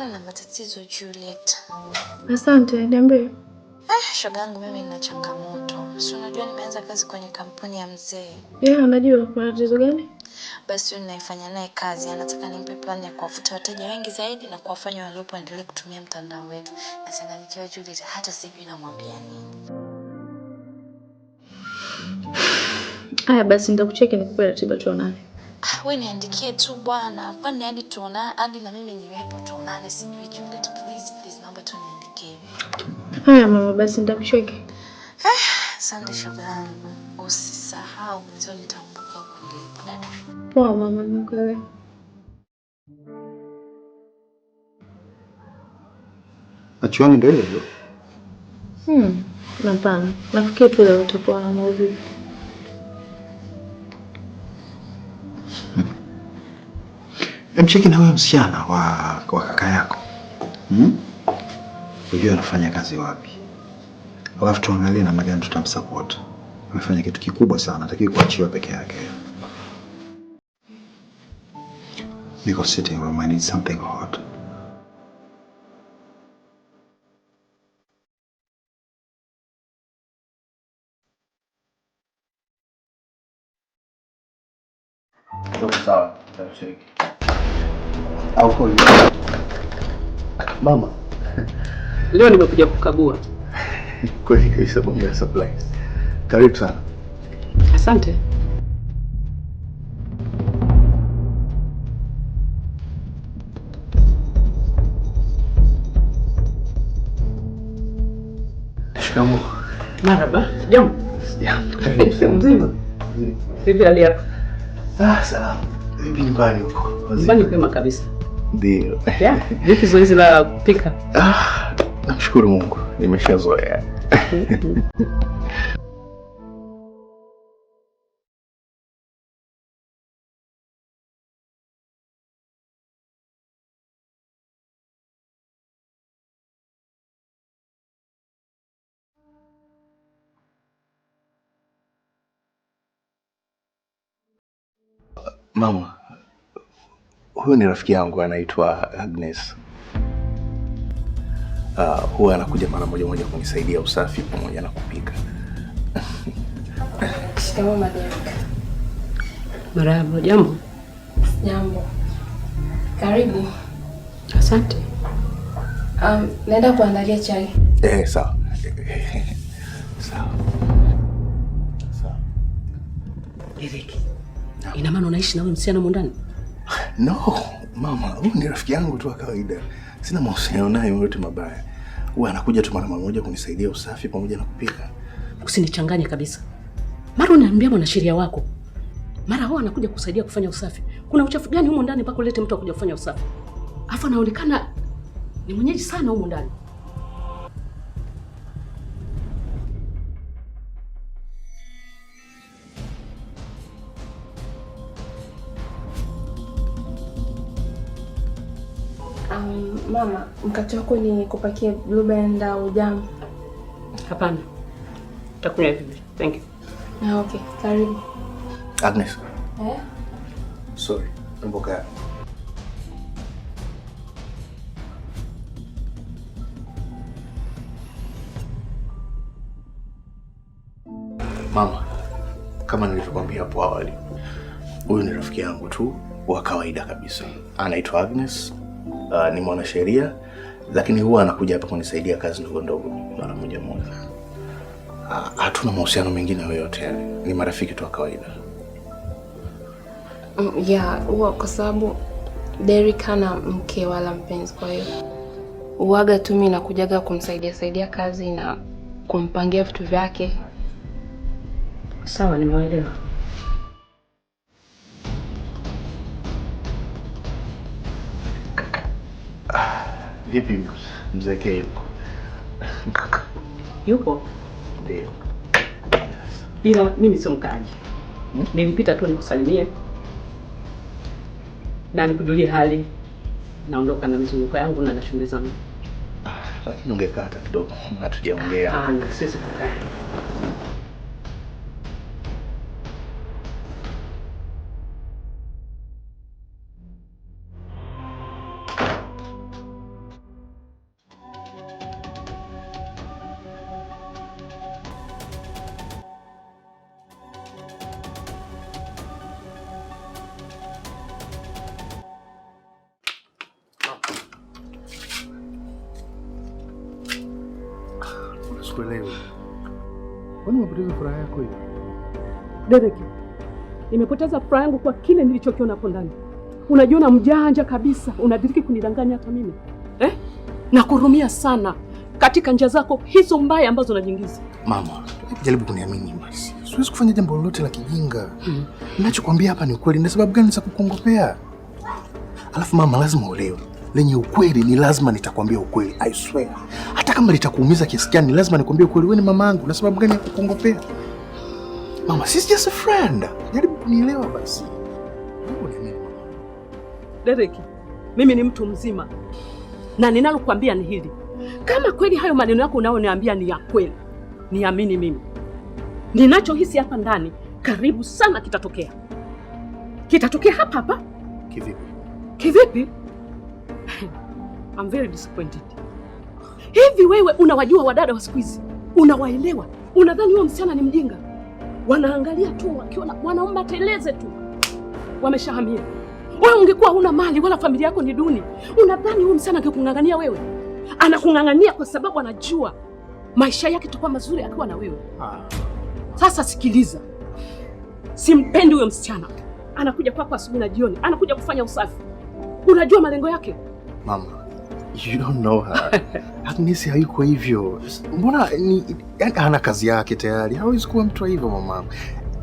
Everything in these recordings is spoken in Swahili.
Pole na matatizo Juliet. Asante, niambie. Ah, shogangu mimi nina changamoto. Si unajua nimeanza kazi kwenye kampuni ya mzee. Yeah, unajua kuna tatizo gani? Basi yule ninaifanya naye kazi anataka nimpe plan ya kuwafuta wateja wengi zaidi na kuwafanya walipo endelee kutumia mtandao wetu. Nachanganyikiwa Juliet, hata sijui namwambia nini. Aya basi, nitakucheki nikupe ratiba tuonane. Ah, we niandikie tu bwana, kwani hadi tuona hadi na mimi niwepo tuonane, sijui Juliet, please please, naomba tu niandikie. Haya mama, basi nitakucheki. Eh, asante shoga yangu, usisahau mzee, nitakumbuka kulipa Poa mama, nikuelewa. Macho yangu ndio hiyo Hmm, hapana. Nafikiri pia leo tutakuwa na mauvivu. Mcheki na huyo msichana wa kwa kaka yako hmm? Ujue anafanya kazi wapi, alafu tuangalie namna gani tutamsupport. Amefanya kitu kikubwa sana, atakiwa kuachiwa peke yake. Niko sitting room, I need something hot. Sawa, nitashiriki au kwa mama. Leo nimekuja kukagua. Kweli kabisa mambo ya supply. Karibu sana. Asante. Shikamoo. Marhaba. Jambo. Mzima. Vipi hali yako? Ah, salama. Vipi nyumbani huko? Nyumbani kwema kabisa. Deus. É? que zoe lá, pica. Ah, mungo, E mexer a zoia. Mama. Huyu ni rafiki yangu anaitwa Agnes. Uh, huwa anakuja mara moja moja kunisaidia usafi pamoja na kupika. Shikamoo madam. Marahaba. Jambo. Jambo. Karibu. Asante. Um, naenda kuandalia chai. Eh, sawa. Sawa. Sawa. Dereki. Ina maana unaishi na huyu msichana mwandani? No mama, huyu ni rafiki yangu tu wa kawaida, sina mahusiano naye yoyote mabaya. Huwa anakuja tu mara moja kunisaidia usafi pamoja na kupika. Usinichanganye kabisa, mara unaambia mwanasheria wako, mara huwa anakuja kusaidia kufanya usafi. Kuna uchafu gani humo ndani mpaka ulete mtu akuja kufanya usafi? Afa, anaonekana ni mwenyeji sana humo ndani. Um, mama, mkate wako ni kupakia blue band au jam? Hapana, takunywa hivi. Thank you. Ah, okay, karibu. Agnes. Eh? Sorry, mboka. Mama, kama nilivyokuambia hapo awali, huyu ni rafiki yangu tu wa kawaida kabisa, anaitwa Agnes uh, ni mwanasheria lakini huwa anakuja hapa kunisaidia kazi ndogo ndogo mara moja moja. Ah, hatuna mahusiano mengine yoyote, ni marafiki tu wa kawaida mm, ya huwa kwa sababu Derrick hana mke wala mpenzi, kwa hiyo uwaga tu mimi nakujaga kumsaidia saidia kazi na kumpangia vitu vyake. Sawa, nimeelewa. Vipi mzee K yupo? Ndio. Ila mimi sio Hmm? nilipita tu nikusalimie na nikujulie hali. Naondoka na mzunguko yangu na na shughuli zangu. Ah, lakini ungekata kidogo, hatujaongea. sisi kukaa. sikuelewi. Kwani umepoteza furaha yako hiyo? Derek, nimepoteza furaha yangu kwa kile nilichokiona hapo ndani. Unajiona mjanja kabisa, unadiriki kunidanganya hata mimi eh? Nakurumia sana katika njia zako hizo mbaya ambazo unajiingiza. Mama, jaribu kuniamini basi. Siwezi kufanya jambo lolote la kijinga. Mm. Ninachokwambia hapa ni ukweli. Na sababu gani za kukongopea? Alafu mama, lazima uelewe lenye ukweli ni lazima nitakwambia ukweli, I swear. Hata kama litakuumiza kiasi gani, lazima nikwambie ukweli. Wewe ni yangu na sababu gani ya kukungopea mama? She's just a friend, jaribu kunielewa basi. Derek, mimi ni mtu mzima na ninalokuambia ni hili. Kama kweli hayo maneno yako unayoniambia ni ya kweli, niamini mimi, ninachohisi hapa ndani karibu sana kitatokea, kitatokea hapa hapa. Kivipi? Kivipi? I'm very disappointed. Hivi wewe unawajua wadada wa siku hizi? Unawaelewa? Unadhani huyo msichana ni mjinga? Wanaangalia tu wakiona wanaomba teleze tu, wameshahamia. Wewe ungekuwa huna mali wala familia yako ni duni, unadhani huyo msichana angekung'ang'ania wewe? Anakung'ang'ania kwa sababu anajua maisha yake takuwa mazuri akiwa na wewe. Sasa sikiliza, simpendi huyo msichana. Anakuja kwako asubuhi na jioni, anakuja kufanya usafi. Unajua malengo yake mama You don't know her. Agnesi hayuko hivyo. Mbona ni hana kazi yake tayari, hawezi kuwa mtu hivyo mama.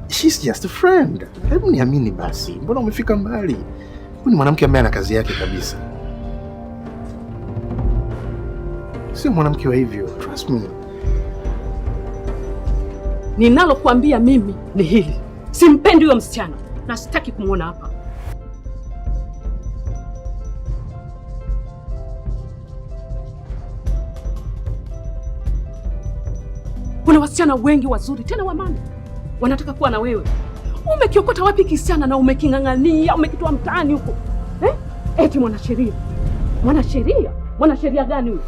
She's just a friend. Hebu niamini basi, mbona umefika mbali? Huyu ni mwanamke ambaye ana kazi yake kabisa, sio mwanamke wa hivyo. Trust me. Ninalokuambia mimi ni hili, simpendi huyo msichana na sitaki kumwona hapa. Kuna wasichana wengi wazuri tena wamama wanataka kuwa na wewe. Umekiokota wapi kisichana na umeking'ang'ania, umekitoa mtaani huko eh? Eti mwanasheria, mwanasheria, mwanasheria gani huyu?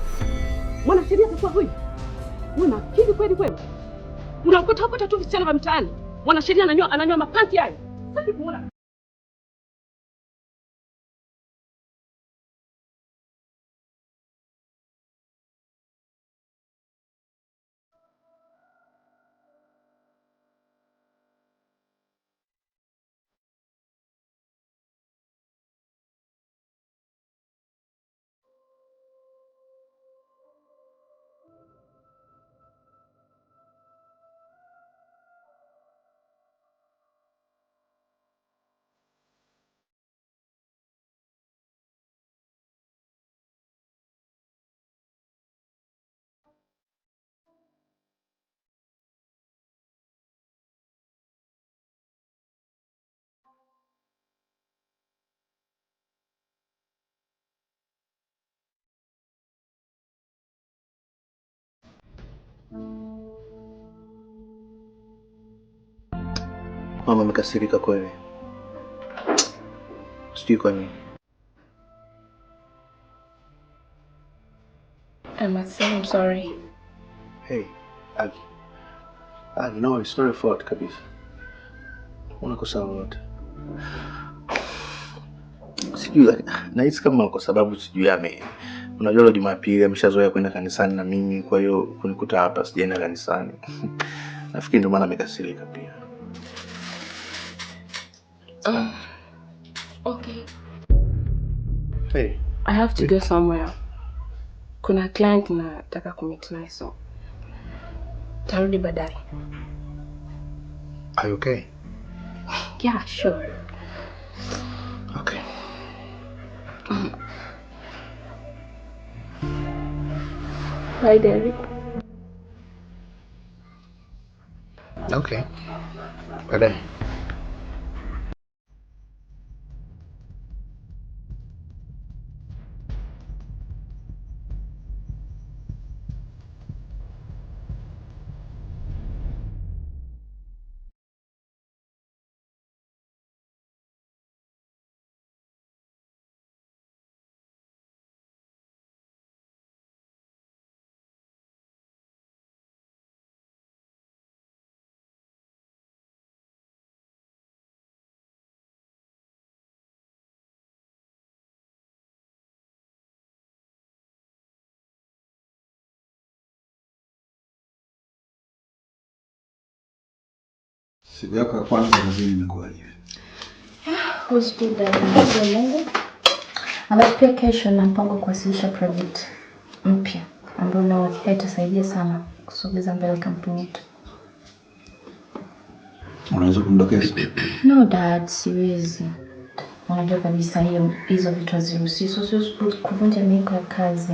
Mwanasheria atakuwa huyu? Una akili kweli kweli? Unaokota okota tu visichana vya mtaani. Mwanasheria ananyoa ananyoa mapanti hayo. Sasa Mama amekasirika kweli, sijui kwa nini. I'm I'm sorry. Hey, Agi. Agi, no, it's not fault kabisa. Unakosa lolote. Sijui nahisi kama kwa sababu sijui ame Unajua leo Jumapili ameshazoea kwenda kanisani na mimi, kwa hiyo kunikuta hapa sijaenda kanisani. Nafikiri ndio maana amekasirika pia. Um, okay. Hey. I have to go somewhere. Kuna client nataka naye, so tarudi baadaye. Are you okay? Yeah, sure. Hi, Derek. Okay. Bye. Siku yako ya kwanza kazini imekuwaje? Ah, Huzuri dada Mungu. Alafu pia kesho na mpango kuwasilisha project mpya ambayo na itasaidia sana kusogeza mbele kampuni yetu. Unaweza kumdokeza? No dad, siwezi. Unajua kabisa hiyo hizo vitu haziruhusiwi. Sio siwezi kuvunja miiko ya kazi.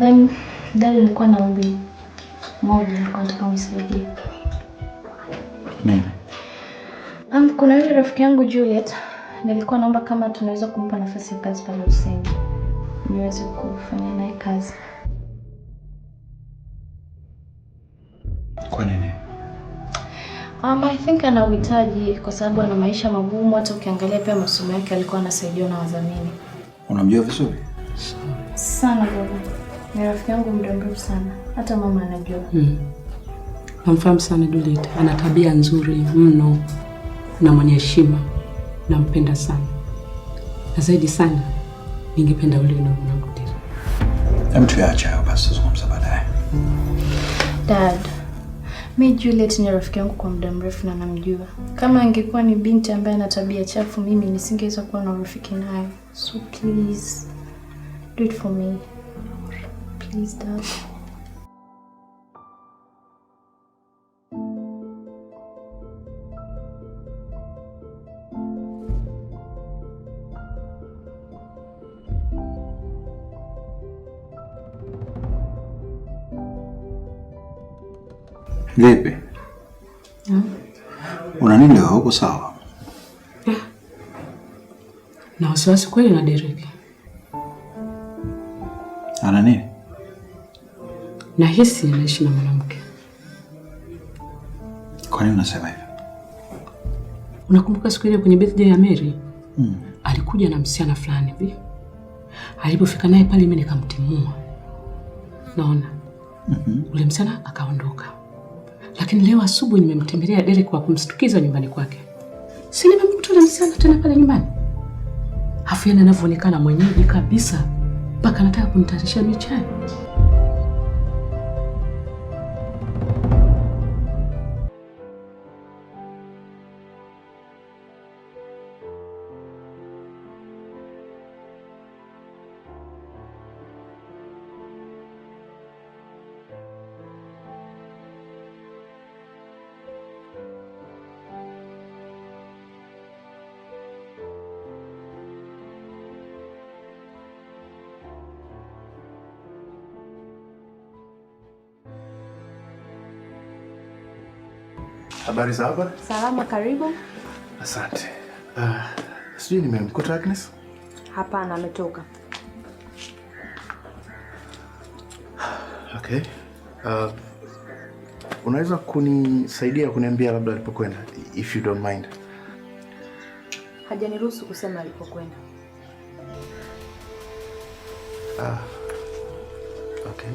Then dad alikuwa na ombi moja, nilikuwa nataka unisaidie. Nini? Um, kuna yule rafiki yangu Juliet, nilikuwa naomba kama tunaweza kumpa nafasi ya kazi pale usini niweze kufanya naye kazi. Kwa nini? Um, I think ana uhitaji kwa sababu ana maisha magumu. Hata ukiangalia pia masomo yake alikuwa anasaidiwa na wadhamini. Unamjua vizuri sana baba. Ni rafiki yangu muda mrefu sana, hata mama anajua. Mm. Namfahamu sana Juliet, ana tabia nzuri mno na mwenye heshima, nampenda sana na zaidi sana ningependa ule na mwanangu Hem, tuache hapo basi, tuzungumza baadaye. Dad, mi Juliet ni rafiki yangu kwa muda mrefu na namjua. Kama angekuwa ni binti ambaye ana tabia chafu, mimi nisingeweza kuwa na urafiki naye. So please do it for me please, Dad. Vipi? Hmm? Una nini leo, uko sawa? Yeah. Na wasiwasi kweli na Derek. Ana nini? nahisi naishi na mwanamke. Kwa nini unasema hivyo? Unakumbuka siku ile kwenye birthday ya Mary? Mm. Alikuja na msichana fulani hivi. Alipofika naye pale mimi nikamtimua. Naona. Mm Ule msichana akaondoka. Lakini leo asubuhi nimemtembelea Derek kwa kumstukiza nyumbani kwake. Si nimemkuta ule msichana tena pale nyumbani. Afu yana anavyoonekana mwenyeji kabisa mpaka anataka kunitayarisha michana. Habari za hapa? Salama, karibu. Asante. Uh, sijui nimemkuta Agnes? Hapana, ametoka. Okay. Uh, unaweza kunisaidia kuniambia labda alipokwenda if you don't mind? Hajaniruhusu kusema alipokwenda. Ah. Okay.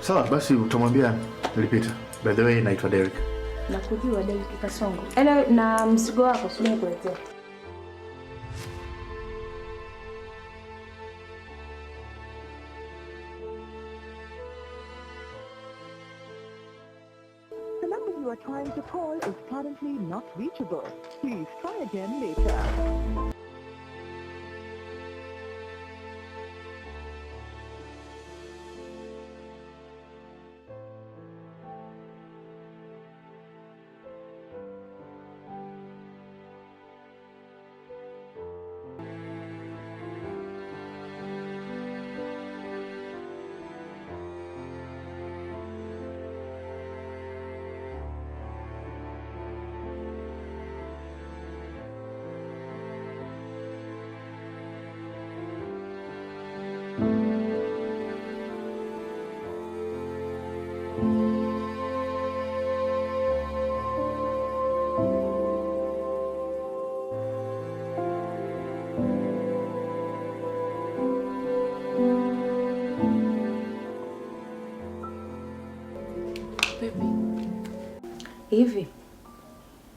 Sawa, basi utamwambia nilipita. By the way, naitwa Derek. Nakujua Derek Kasongo. Anyway, na msigo wako sio kuletea. you are trying to call is currently not reachable. Please try again later. Hivi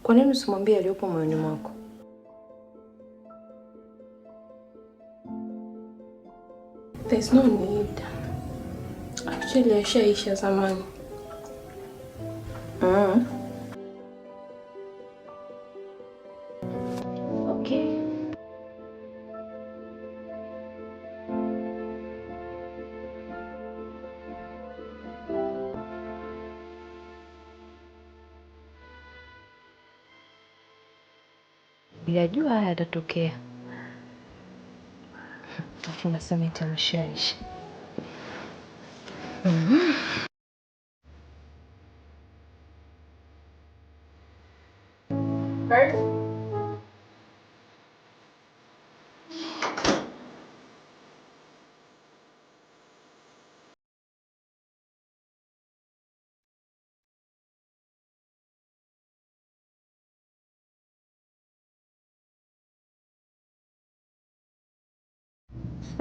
kwa nini usimwambie aliyopo moyoni mwako? There's no need. Actually, ashaisha zamani. Mm. yajua haya yatatokea. Afu nasema itamshaisha. Mm-hmm.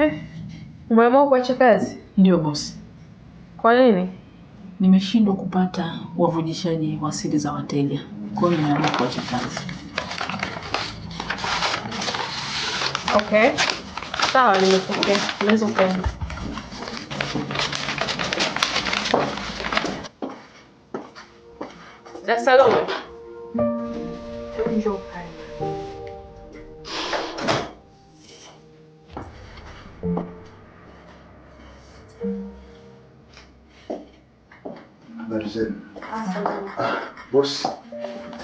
Eh, umeamua kuacha kazi? Ndio bosi. Kwa nini? Nimeshindwa kupata wavujishaji wa siri za wateja, kwa hiyo nimeamua kuacha kazi. Okay, sawa, nimekupokea. Unaweza ukaenda. Salome. Boss,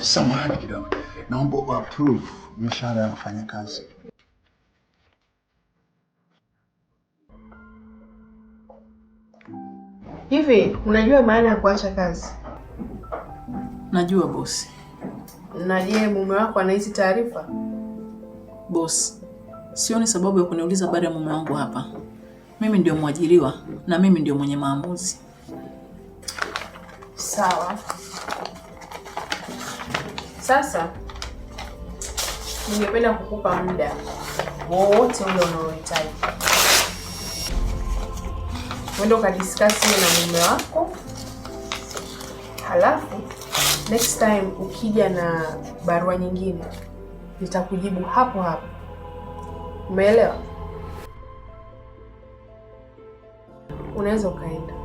samahani kidogo, naomba uapprove mishahara ya wafanyakazi. Hivi unajua maana ya kuacha kazi? Najua bosi. Na je, mume wako ana hizi taarifa? Bosi, sioni sababu ya kuniuliza baada ya mume wangu hapa. Mimi ndio mwajiriwa na mimi ndio mwenye maamuzi. Sawa. Sasa ningependa kukupa muda wowote ule unaohitaji uende ukadiskasi na mume wako, halafu next time ukija na barua nyingine nitakujibu hapo hapo. Umeelewa? Unaweza ukaenda.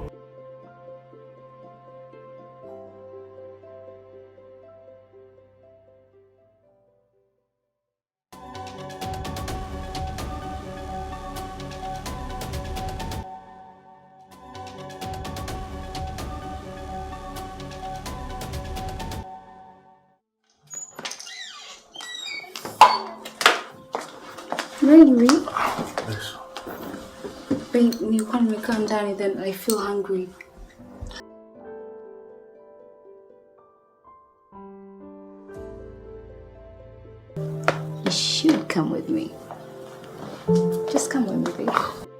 hungry. Yes. you can't make calm down and then I feel hungry. You should come with me. Just come with me, babe.